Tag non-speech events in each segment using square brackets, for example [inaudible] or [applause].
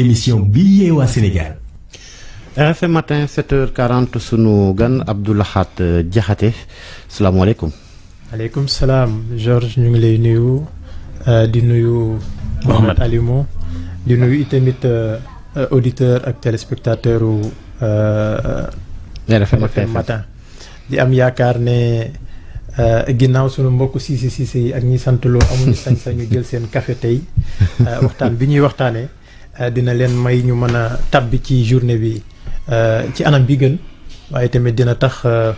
émission bi yee RFM matin 7h40 sunu gan Abdou Lahat euh, Diakhaté salaamaaleykum. aleykum salaam Georges ñu ngi lay nuyu euh, di nuyu. Mohamed Aliou Mo di nuyu itamit euh, auditeur ak téléspectateur u. RFM matin di am yaakaar ne ginnaaw sunu mbokk siise siise yi ak ñi sant loo amuñu sañ-sañu jël seen kafe tey waxtaan bi ñuy waxtaanee. Euh, dina leen may ñu mën a tabbi ci journée bi euh, ci anam bi gën waaye tamit dina tax euh,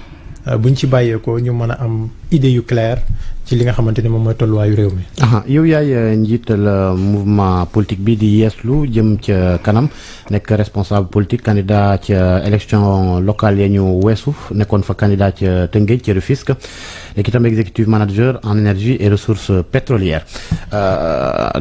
buñ ci bàyyeekoo ñu mën a am idée yu claire ci li nga xamante ni moom mooy tolluwaayu réew mi. yow yaay euh, njiital euh, mouvement politique bi di lu jëm ca kanam nekk responsable politique candidat ca euh, élection locale ya ñu weesu nekkoon fa candidat ca Tëngéej ca Rufisque nekk itam executive manager en énergie et pétrolière pétrolières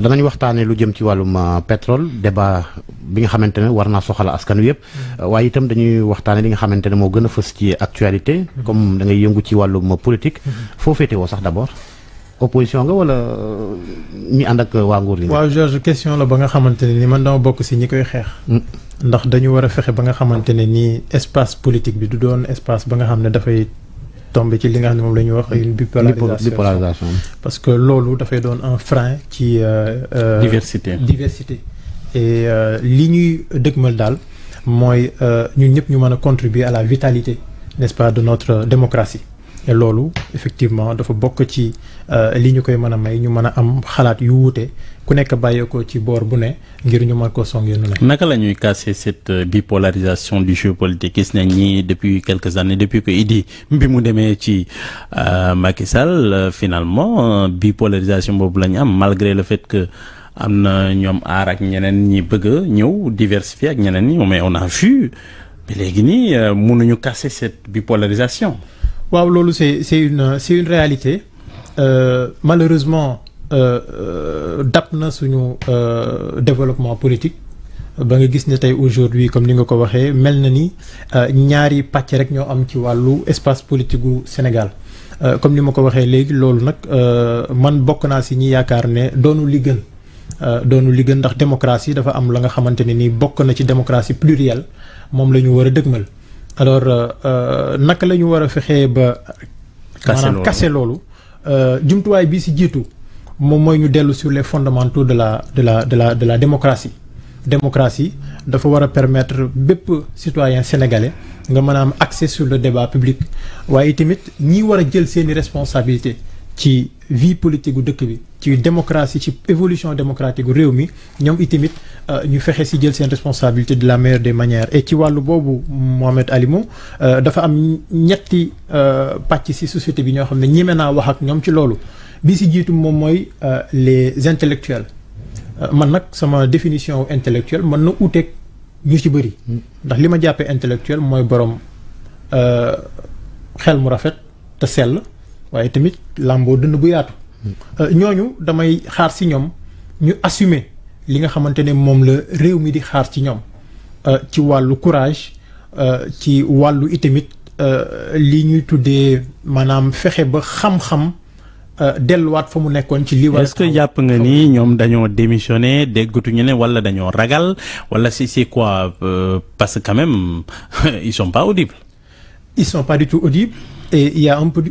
danañ waxtaanee lu jëm ci wàllu wàllum pétrole débat bi nga xamante ne war naa soxala askan yëpp mm-hmm. waaye itam dañuy waxtaanee li nga xamante ne moo gën a fës ci actualité mm-hmm. comme da ngay yëngu ci wàllum politique mm-hmm. foo féetewoo sax d'abord opposition nga wala euh, ñi ànd ak euh, waa nguur gi. waaw Georges question la ba nga xamante ne ni man dama bokk si ñi koy xeex. Mm. ndax dañu war a fexe ba nga xamante ne nii espace politique bi du doon espace ba nga xam ne dafay tombe ci li nga xam ne moom la ñuy wax une bipolarisation parce que loolu dafay doon un frein ci. Euh, diversité diversité. et li ñuy dëgmal daal mooy ñu ñëpp ñu mën a contribuer à la vitalité n'est-ce de notre démocratie. loolu effectivement dafa bokk ci euh, li ñu koy mën a may ñu mën a am xalaat yu wuute ku nekk bàyyeekoo ci boor bu ne ngir ñu mën koo songee nu ne. naka la ñuy casser cette euh, bipolarisation du jeu politique gis nañ ni depuis quelques années depuis que Idi mbi mu demee ci euh, Macky Sall finalement bipolarisation boobu la ñu am malgré le fait que. am na ñoom aar ak ñeneen ñi bëgg ñëw diversifier ak ñeneen ñi mais on a vu léegi nii mënuñu casser cette bipolarisation waaw loolu c'est c'est une c'est une réalité euh, malheureusement euh, euh, dab na suñu euh, développement politique ba nga gis ne tey aujourd'hui comme ni nga ko waxee mel na ni ñaari pàcc rek ñoo am ci wàllu espace politique gu Sénégal comme ni ma ko waxee léegi loolu nag man bokk naa si ñi yaakaar ne doonu li gën doonu li gën ndax démocratie dafa am la nga xamante ne ni bokk na ci démocratie plurielle moom la ñu war a dëgmal alors euh, euh, naka la ñu war a fexee ba. maanaam kase loolu euh, jumtuwaay bi si jiitu moom mooy ñu dellu sur les fondamentaux de la de la de la de la démocratie. démocratie dafa war a permettre bépp sitoyen sénégalais nga mën a am accès sur le débat public waaye tamit ñi war a jël seeni responsabilité ci vie politique gu dëkk bi ci démocratie ci évolution démocratique gu réew mi ñoom itamit euh, ñu fexe si jël seen responsabilité de la meilleure des manières et ci wàllu boobu Mohamed Alimou euh, dafa am ñetti euh, pàcc si société bi ñoo xam ne ñeme naa wax ak ñoom ci loolu bi si jiitu moom mooy les intellectuels man nag sama définition intellectuelle mën na uuteeg ñu ci bëri mm. ndax li ma jàppee intellectuel mooy borom xel mu rafet te sell waaye tamit làmboo dënn bu yaatu. Euh, ñooñu damay xaar si ñoom ñu assumer li nga xamante ne moom la réew mi di xaar ci ñoom euh, ci wàllu courage euh, ci wàllu itamit li ñuy tuddee maanaam fexe ba xam-xam. delluwaat fa mu nekkoon ci lii. est que jàpp nga nii ñoom dañoo démissionné déggatuñu ne wala dañoo ragal wala si c'est quoi parce que quand même [laughs] ils sont pas audibles. ils sont pas du tout audibles. et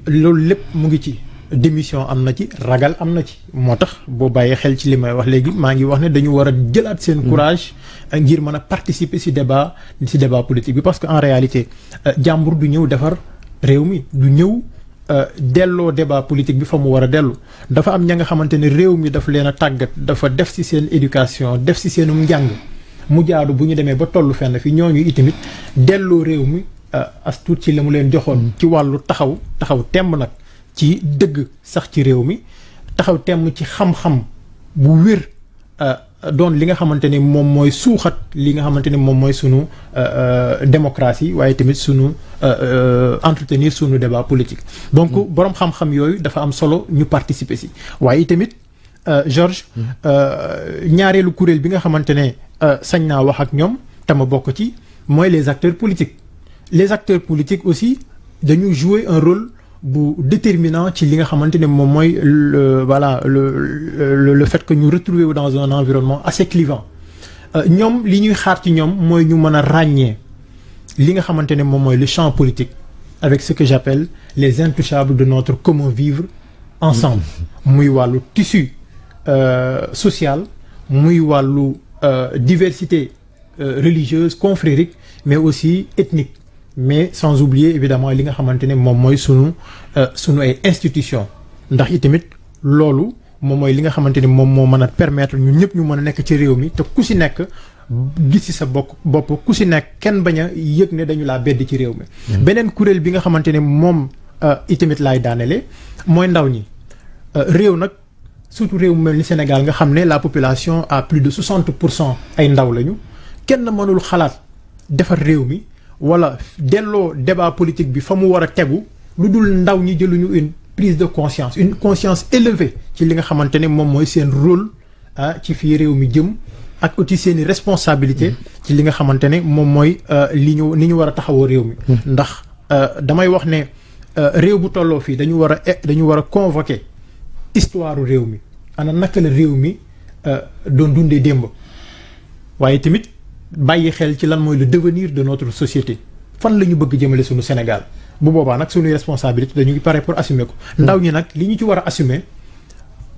loolu lépp mu ngi ci démission am na ci ragal am na ci moo tax boo bàyyee xel ci li may wax léegi maa ngi wax ne dañu war a jëlaat seen mm. courage euh, ngir mën a participer ci débat ci débat politique bi parce que en réalité euh, jàmbur du ñëw defar réew mi du ñëw euh, delloo débat politique bi fa mu war a dellu dafa am ña nga xamante ne réew mi daf leen a tàggat dafa def ci seen éducation def ci seenu njàng mu jaadu bu ñu demee ba tollu fenn fi ñooñu itamit delloo réew mi Euh, as tuut ci la mu leen joxoon ci wàllu taxaw taxaw temm nag ci dëgg sax ci réew mi taxaw temm ci xam-xam bu wér euh, doon li nga xamante ni moom mooy suuxat li nga xamante ni moom mooy sunu euh, démocratie waaye tamit sunu entretenir sunu débat politique. donc mm. borom xam-xam yooyu dafa am solo ñu participer si waaye tamit Georges. Mm. ñaareelu kuréel bi nga xamante ne sañ naa wax ak ñoom te ma bokk ci mooy les acteurs politiques. les acteurs politiques aussi dañu jouer un rôle bu déterminant ci li nga xamante ne moom mooy le le le le fait que ñu retrouver wu dans un environnement assez clivant euh, ñoom li ñuy xaar ci ñoom mooy ñu mën a ràññee li nga xamante ne moom mooy le champ politique avec ce que j'appelle les intouchables de notre commun vivre ensemble muy wàllu tissu euh, social muy wàllu euh, diversité religieuse confrérique mais aussi ethnique mais sans oublier évidemment li nga xamante ne moom mooy sunu euh, sunu ay institution ndax itamit loolu moom mooy li nga xamante ni moom moo mën a permettre ñu ñëpp ñu mën a nekk ci réew mi te ku si nekk gis si sa bokk bopp ku si nekk kenn bañ a yëg ne dañu laa bedd ci réew mi mm-hmm. beneen kuréel bi nga xamante ne moom euh, itamit laay daanele mooy ndaw ñi euh, réew nag surtout réew mu mel ni Sénégal nga xam ne la population à plus de 60 pour cent ay ndaw lañu kenn mënul xalaat defar réew mi wala delloo débat politique bi fa mu war a tegu lu dul ndaw ñi jëluñu une prise de conscience une conscience élevée ci li nga xamante ne moom mooy seen rôle ah ci fii réew mi jëm ak aussi seen i responsabilité ci li nga xamante ne moom mooy euh, li ñu ni ñu war a taxawoo réew mi hmm. ndax euh, damay wax ne euh, réew bu tolloo fii dañu war a eh, dañu war a convoquer histoire réew mi ana naka la réew mi doon dundee démb waaye tamit bàyyi xel ci lan mooy lu devenir de notre société fan la ñu bëgg jëmale suñu Sénégal bu boobaa nag suñuy responsabilité dañu ngi pare pour assumer ko mm. ndaw ñi nag li ñu ci war a assumer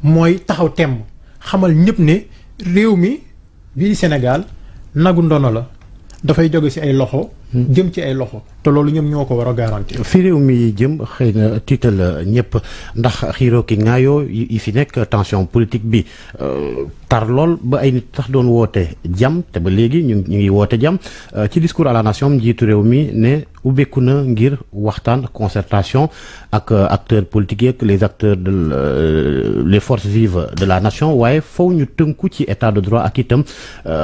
mooy taxaw temm xamal ñëpp ne réew mi bii Sénégal nagu ndono la dafay jóge ci ay loxo jëm ci ay loxo te loolu ñoom ñoo ko war a garantir. fi réew mi jëm xëy na tiital ñëpp ndax xiiroo ki ŋaayoo yi fi nekk tension politique bi euh, tar lool ba ay nit tax doon woote jam te ba léegi ñu ñu ngi woote jàmm euh, ci discours à la nation njiitu réew mi ne ubbeeku na ngir waxtaan concertation ak euh, acteurs politiques yeeg les acteurs de les forces vives de la nation waaye faw ñu tënku ci état de droit ak itam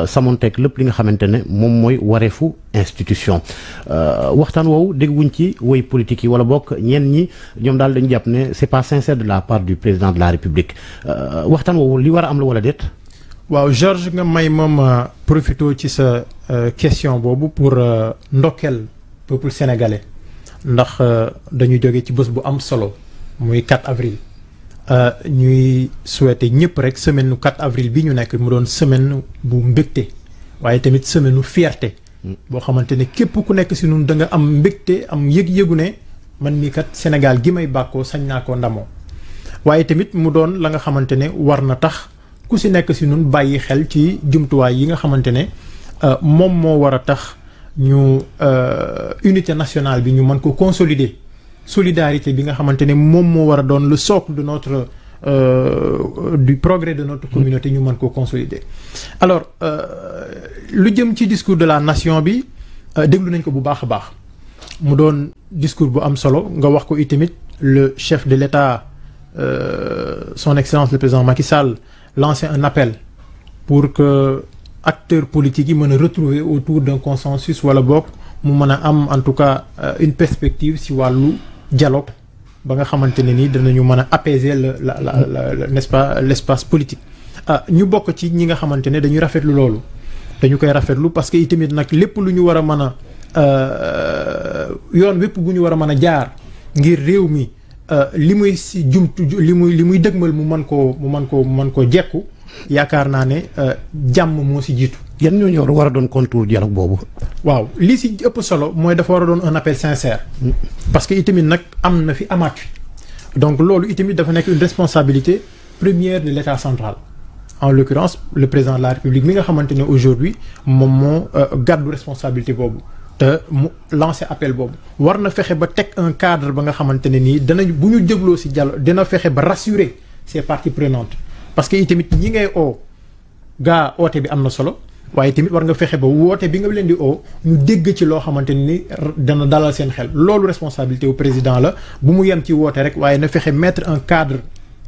samonteeg lépp li nga xamante ne moom mooy wareefu institution. élection euh, waxtaan woowu wuñ ci woy politique yi wala bokk ñenn ñi ñoom daal dañu jàpp ne c'est pas sincère de la part du président de la république euh, waxtaan woowu li war a am la wala déet. waaw Georges nga may moom euh, profito ci sa question boobu pour ndokkeel peuple sénégalais ndax dañu joge ci bés bu am solo muy 4 avril. ñuy souhaiter ñëpp rek semaine nu 4 avril bi ñu nekk mu doon semaine bu mbégte waaye tamit semaine nu boo xamante ne képp ku nekk si ñun da nga am mbégte am yëg-yëgu ne man mii kat Sénégal gi may bàkkoo sañ naa ko ndamoo waaye tamit mu doon la nga xamante ne war na tax ku si nekk si ñun bàyyi xel ci jumtuwaay yi nga xamante ne euh, moom moo war a tax ñu euh, unité nationale bi ñu mën ko consolider solidarité bi nga xamante ne moom moo war a doon lu socle de notre Euh, du progrès de notre communauté ñu mën ko consolider. alors euh, lu jëm ci discours de la nation bi euh, déglu nañ ko bu baax a baax mu doon discours bu am solo nga wax ko itamit le chef de l'État son excellence le président Macky Sall lancé un appel pour que acteurs politiques yi mën a retrouver autour d'un consensus wala bokk mu mën a am en tout cas une perspective si wàllu dialogue ba nga xamante ne ni danañu mën a apaiser la la la la n'est-ce l'espace politique. ah ñu bokk ci ñi nga xamante ne dañuy rafetlu loolu dañu koy rafetlu parce que itamit nag lépp lu ñu war a mën a euh, yoon wépp bu ñu war a mën a jaar ngir réew mi. Euh, li muy si jumtu li muy li muy dëgmal mu man ko mu man koo mu mën koo jekku yaakaar naa ne euh, jàmm moo si jiitu. yan ñoo ñoo war a doon contour dialogue boobu. waaw li si ëpp solo mooy dafa war a doon en appel sincère. parce que itamit nag am na fi amaat fi donc loolu itamit dafa nekk une responsabilité première de l'état central. en l'occurrence le président de la république mi nga xamante ne aujourd'hui moom moo euh, gàddu responsabilité boobu. te mu lancé appel boobu war na fexe ba teg un cadre ba nga xamante ne nii danañ bu ñu dégloo si dialogue dina fexe ba rassurer ces parties prenantes parce que itamit ñi ngay o gaa oote bi am na solo waaye tamit war nga fexe ba woote bi nga leen di o ñu dégg ci loo xamante ni dana dalal seen xel loolu responsabilité wu président la bu mu yem ci woote rek waaye na fexe mettre un cadre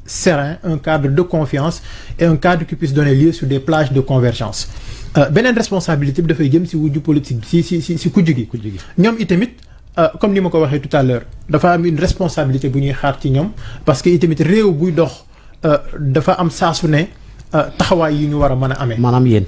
serein un cadre de confiance et un cadre qui puisse donner lieu sur des plages de convergence Euh, beneen responsabilité bi dafay jëm si wujju politique bi si si si si kujj gi. kujj gi ñoom itamit euh, comme ni ma ko waxee tout à dafa am une responsabilité bu ñuy xaar ci ñoom parce que itamit réew buy dox euh, dafa am saasu ne taxawaay yi ñu war a mën a amee. maanaam yéen.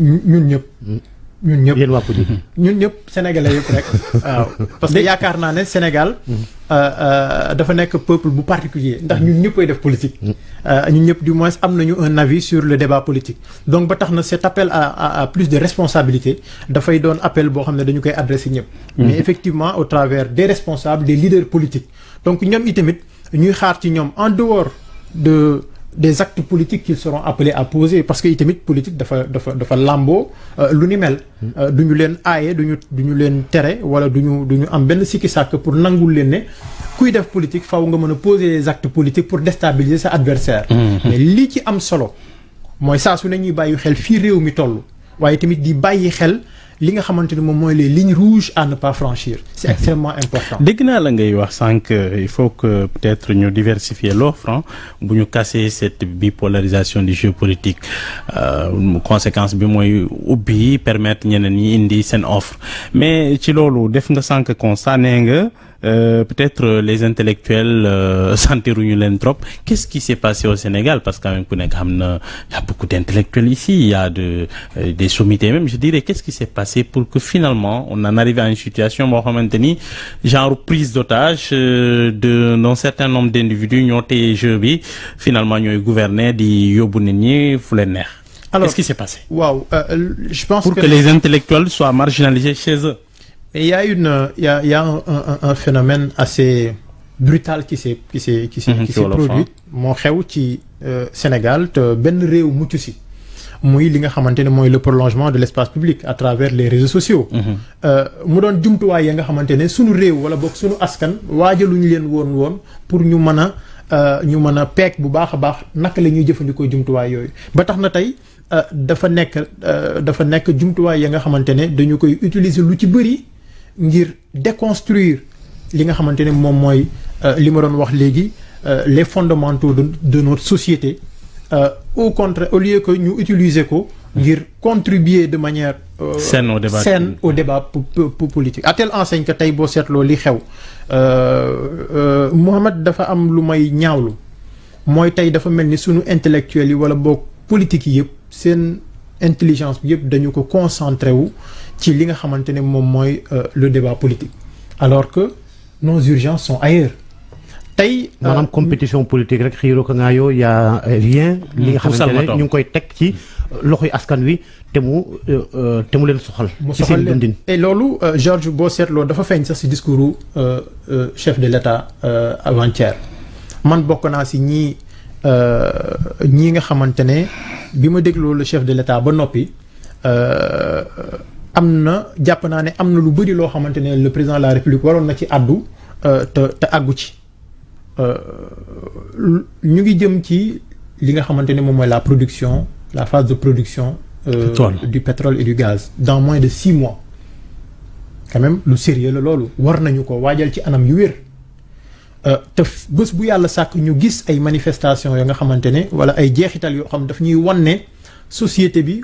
ñun ñëpp. Mm. ñun ñëpp yéen waa politique ñun ñëpp sénégalais yëpp rek. [laughs] waaw parce que yaakaar naa ne Sénégal. Mhm. Euh, euh, dafa nekk peuple bu particulier ndax mhm. ñun ñëpp ay def politique. Mhm. Euh, ñun ñëpp du moins am nañu un avis sur le débat politique. donc ba tax na cet appel à à plus de responsabilité dafay doon appel boo xam ne dañu koy adressé ñëpp. mais effectivement au travers de responsables des leaders politiques donc ñoom itamit ñuy xaar ci ñoom en dehors de. des actes politiques qu'ils seront appelés à poser parce que itamit politique dafa dafa dafa làmboo euh, lu ni mel hmm. euh, du ñu leen aaye duñu ñu du ñu leen tere wala du ñu du ñu am benn sikki sàkk pour nangul leen ne kuy def politique faaw nga mën a poser des actes politiques pour déstabiliser sa adversaire hmm. mais lii ci am solo mooy saa su ne ñuy bàyyi xel fii réew mi toll waaye tamit di bàyyi xel li nga xamante ni moom mooy les lignes rouges à ne pas franchir. c'est mhm. extrêmement important. dégg naa la ngay wax sànq il faut que peut-être ñu diversifier l'offre bu ñu casser bi bipolarisation du jeu politique euh, conséquence bi mooy ubbi permettre ñeneen ñi indi seen offre mais ci loolu def nga sànq constat nee nga. euh, peut-être euh, les intellectuels euh, [laughs] sentiruñu leen trop qu'est-ce qui s'est passé au Sénégal parce que quand même ku nekk xam ici il y a de euh, des sommités même je dirais qu'est-ce qui s'est passé pour que finalement on en arrive à une situation boo xamante ni genre prise d'otage de d'un certain nombre d'individus ñoo téye jeu bi finalement ñooy gouverner di yóbbu nit ñi fu leen neex. alors qu'est-ce qui s'est passé. pour que, les intellectuels soient marginalisés Mais il y a une il y a, phénomène assez brutal qui s'est qui s'est qui s'est mhm, qui s'est produit moo xew ci euh, Sénégal te benn réew mucc si muy li nga xamante ne mooy le prolongement de l'espace public à travers les réseaux sociaux mhm. euh, mu doon jumtuwaay ya nga xamante ne suñu réew wala boog sunu askan waajaluñu leen woon woon pour ñu mën a euh, ñu mën a peek bu baax a baax naka la ñuy jëfandikoo jumtuwaay yooyu ba tax na tey dafa nekk dafa nekk jumtuwaay ya nga xamante ne dañu koy utiliser lu ci bëri ngir déconstruire li nga xamante ne moom mooy euh, li ma doon wax léegi euh, les fondamentaux de de notre société euh, au contraire au lieu que ñu utiliser ko ngir contribuer de manière saine au débat saine au débat politique à telle enseigne tey boo seetloo li xew Mouhamed dafa am lu may ñaawlu mooy tey dafa mel ni sunu intellectuels yi wala boog politique yi yëpp seen intelligence bi yëpp dañu ko concentré wu ci li nga xamante ne moom mooy euh, le débat politique alors que nos urgences sont ailleurs tey euh, maanaam compétition politique rek xiiroo ko ngaayoo y a rien li nga xamante ne ñu ngi koy teg ci euh, loxoy askan wi te mu te mu leen soxal ci seen dundin et loolu Georges boo seetloo dafa feeñ sax si discours chef de l'État avant-hier man bokk naa si ñii ñii nga xamante ne bi ma dégloo le chef de l'État ba noppi am na jàpp naa ne am na lu bëri loo xamante ne le président de la république waroon na ci àddu euh, te te àggu ci euh, ñu ngi jëm ci li nga xamante ne moom mooy la production la phase de production euh, du pétrole et du gaz dans moins de six mois quand même lu sérieux la loolu war nañu ko waajal ci anam yu wér euh, te bés bu yàlla sàkk ñu gis ay manifestation yoo nga xamante ne wala ay jeexital yoo xam daf ñuy wan ne société bi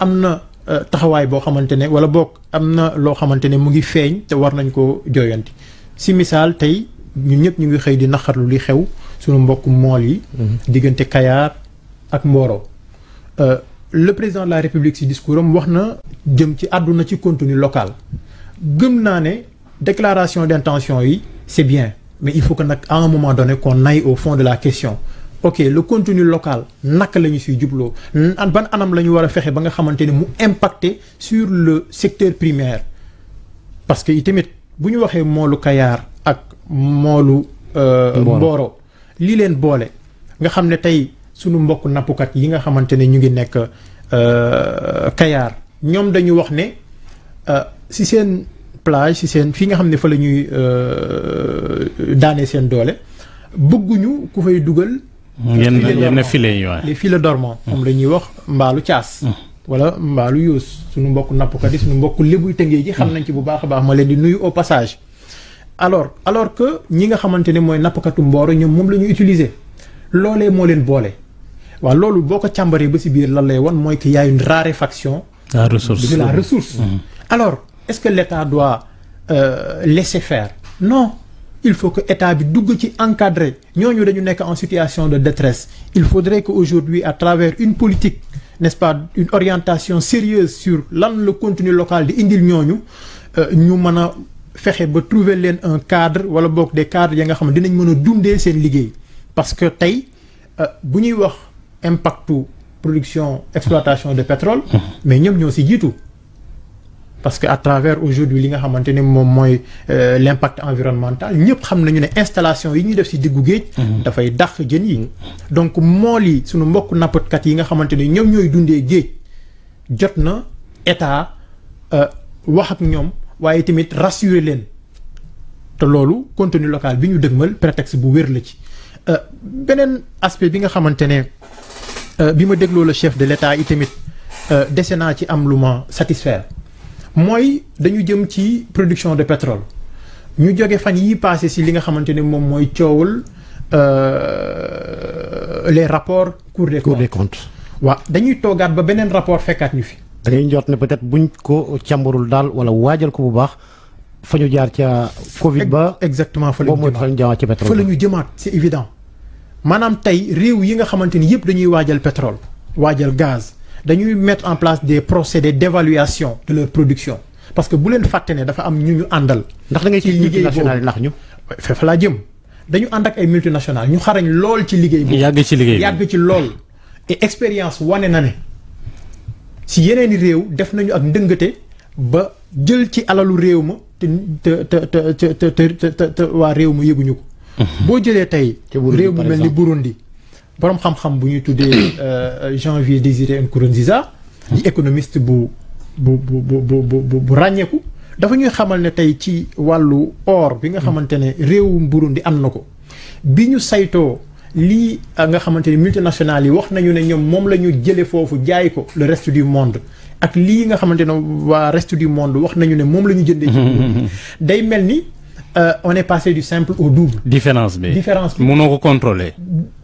am na Euh, taxawaay boo xamante ne wala boog am na loo xamante ne mu ngi feeñ te war nañ ko jooyanti si misaal tey ñu ñëpp ñu ngi xëy di naqarlu li xew suñu mbokk mool yi mm-hmm. diggante Kayar ak mbooroo euh, le président de la République si discours am wax na jëm ci àdduna ci contenu local gëm naa ne déclaration d'intention yi c'est bien mais il faut que nag à un moment donné qu'on au fond de la question ok le contenu local naka la ñu siy jubloo ban anam la ñu war a fexe ba nga xamante ne mu impacté sur le secteur primaire parce que itamit bu ñu waxee moolu Kayaar ak moolu euh, Mboro lii leen boole nga xam ne tey sunu mbokk nappukat yi nga xamante ne ñu ngi nekk euh, Kayaar ñoom dañu wax ne euh, si seen plage si seen fii nga xam ne fa la ñuy daanee seen doole bëgguñu ku fay dugal ngeen ngeen filet yi waaye. les filets dormants moom la ñuy wax mbaalu caas. Mm. wala mbaalu yuus suñu mbokk nappkat yi suñu mbokk lébuy tëngee ji xam mm. nañ ci bu baax a baax ma leen di nuyu au passage. alors alors que ñi nga xamante ne mooy nappkatu mbooro ñoom moom la ñu utiliser loolee moo leen boole waaw loolu boo ko càmbaree ba si biir lan lay wan mooy que y a une raréfaction. la ressource de la ressource. Mm-hmm. alors est-ce que l'État doit euh, laisser faire non. il faut que état bi dugg ci encadrer ñooñu dañu nekk en situation de détresse il faudrait que aujourd'hui à travers une politique n'est-ce pas une orientation sérieuse sur lan le contenu locale di indil ñooñu euh, ñu mën a fexe ba trouver leen un cadre wala bokk de cadres ya nga xam ne dinañ mën a dundee seen liggéey parce que tey euh, bu ñuy wax impactu production exploitation de pétrole mmh. mais ñoom ñoo si jiitu parce que à travers aujourd'hui li nga xamante ni moom mooy euh, l'impact environnemental ñëpp xam nañu ne installation yi ñuy def ci diggu géej mhm. dafay dàq jën yi donc mool yi suñu mbokk nappatkat yi nga xamante ni ñoom ñooy dundee géej jot na état euh, wax ak ñoom waaye tamit rassurer leen te loolu contenu local bi ñu dëgmal prétexte bu wér la ci euh, beneen aspect bi nga xamante ne bi ma dégloo la chef de l'État itamit dese naa ci am lu ma satisfaire mooy dañu jëm ci production de pétrole ñu jóge fan yi passé si li nga xamante ne moom mooy coowul euh, les rapports cour des cour des waaw dañuy toogaat ba beneen rapport fekkaat ni fi dañuy jot na ne peut-être buñ ko cambarul daal wala waajal ko bu baax fa ñu jaar ca covid ba exactement fa lañu jëmaat ci pétrole fa la ñu jëmaat c'est évident maanaam tey réew yi nga xamante ni yëpp dañuy waajal pétrole waajal gaz dañuy mettre en place des procédés d'évaluation de leur production parce que bu leen fàtte ne dafa am ñu ñu àndal. ndax da ngay ci liggéey boobu ndax ñu. fa laa jëm dañu ànd ak ay multinationales ñu xarañ lool ci liggéey bi. yàgg ci liggéey bi yàgg ci lool. et expérience wane na ne si yeneen i réew def nañu ak ndëngate ba jël ci alalu réew ma te te te te te waa réew ma yëguñu ko. boo jëlee tey. réew mu mel ni Burundi. boroom xam-xam bu ñuy tuddee euh, euh, Janvier Désiré Nkurunziza di économiste bu bu bu bu bu bu ràññeeku dafa ñuy xamal ne tey ci wàllu or bi nga mm. xamante ne réewum Burundi am na ko bi ñu saytoo lii euh, nga xamante ni multinationales yi wax nañu ne ñoom moom la ñu jëlee foofu jaay ko le reste du monde ak lii nga xamante ne waa reste du monde wax nañu ne moom la ñu jëndee ci [laughs] day mel ni euh, on est passé du simple au double. différence bi différence bi mënoo ko contrôler.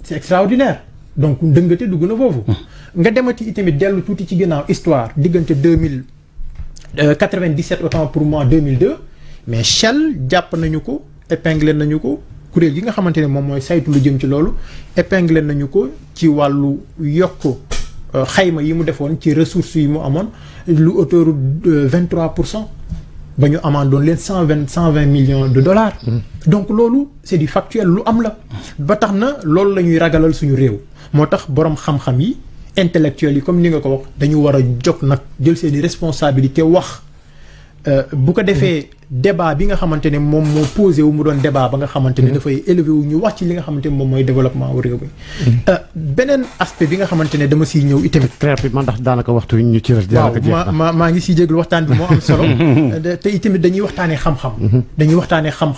c'est extraordinaire donc ndëngate dugg na foofu. nga demati itamit dellu tuuti ci ginnaaw histoire diggante deux mille euh, quatre-vingt-dix-sept autant pour mois deux mille deux mais Shell jàpp nañu ko épinglé nañu ko. kuréel gi nga xamante ne moom mooy saytu lu jëm ci loolu épinglé nañu ko ci wàllu yokk euh, xayma yi mu defoon ci ressources yi mu amoon lu autour euh, pour cent ba ñu amandoon leen cent vingt cent vingt millions de dollars. Mm. donc loolu c'est du factuel lu am la. ba tax na loolu la ñuy ragalal suñu réew. moo tax boroom xam-xam yi intellectuels yi comme ni nga ko wax dañu war a jóg nag jël seeni responsabilité wax euh, bu ko defee. débat bi nga xamante ne moom moo posé wu mu doon débat ba nga xamante ne mm-hmm. dafay élevé wu ñu wax ci li nga xamante ne moom mooy développement wu mm-hmm. euh, beneen aspect bi nga xamante ne dama siy ñëw itamit très rapidement ndax daanaka waxtu wi ñu ci waaw ma maa ngi siy jéglu waxtaan bi moo am solo [laughs] mm-hmm. euh, te itamit dañuy waxtaanee xam-xam dañuy waxtaanee xam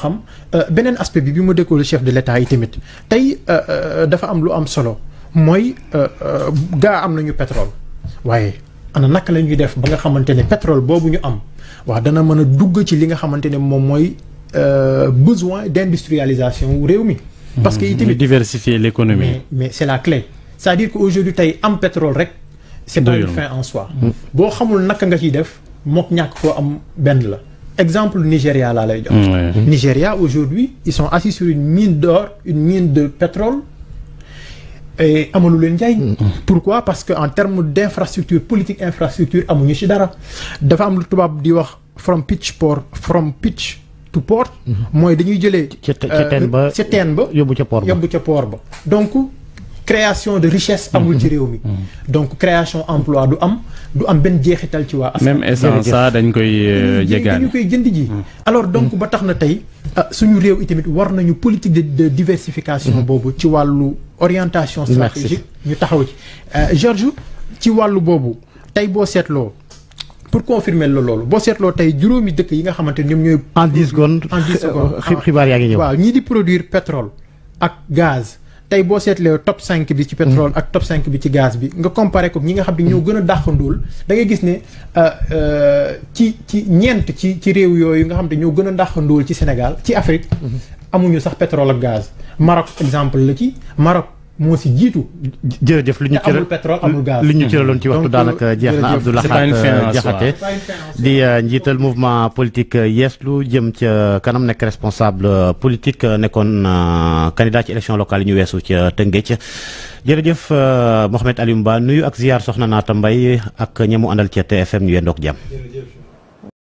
euh, beneen aspect bi bi mu déggoo le chef de l'État itamit tey dafa am lu am solo mooy gaa am nañu pétrole waaye ana naka la ñuy def ba nga xamante ne pétrole boobu ñu am wax dana mën a dugg ci li nga xamante ne moom mooy euh, besoin d' industrialisation wu réew mi. parce que mmh, itamit diversifier l' économie. mais mais c' est la clé c' est à dire que aujourd'hui tey am pétrole rek. c' est pas une fin en soi. Mmh. boo xamul naka nga ci def mook ñàkk koo am benn la. exemple Nigéria laa lay jox. Mmh, Nigéria aujourd'hui ils sont assis sur une mine d'or une mine de pétrole. et amalu leen njariñ mm. pourquoi parce que en termes d' infrastructure politique infrastructure amuñu ci dara dafa am lu tubaab di wax from pitch port from pitch to port mm-hmm. mooy dañuy jëlee ca euh, teen ba yóbbu ca port ba donc création de richesse amul ci réew mi. Mm-hmm. donc création emploi du am du am benn jeexital ci waa. même essence ça dañ koy jéggaane euh, dañu koy jënd ji. Mm-hmm. alors donc ba tax na tey ah, suñu réew itamit war nañu politique de diversification mm-hmm. boobu ci wàllu orientation stratégique ñu taxaw ci euh, Georges ci wàllu boobu tey boo seetloo pour confirmer la loolu boo seetloo tey juróomi dëkk yi nga xamante ñoom ñooy. en dix secondes en dix xibaar yaa ngi ñëw. waaw ñii di produire pétrole ak gaz. tey boo seetlee top cinq bi ci pétrole mm-hmm. ak top 5 bi ci gaz bi nga comparé ko ñi nga xam ne ñoo mm-hmm. gën a dàqanduwul da ngay gis ne euh, euh, ci ci ñeent ci ci réew yooyu nga xam ne ñoo gën a dàqanduwul ci Sénégal ci Afrique mm-hmm. amuñu sax pétrole ak gaz Maroc exemple la ci Maroc moo si jiitu. jërëjëf lu ñu ci amul lu ñu ci loon ci waxtu daanaka jeex na Abdou Lahad euh, di euh, njiital mouvement politique euh, yeeslu jëm ca kanam nekk responsable politique nekkoon candidat ci élection locale yi ñu weesu ca Tëngéej jërëjëf Mouhamed Aliou Mba nuyu ak ziar soxna Naata mbay ak ñemu àndal ca TFM ñu yendook jàmm.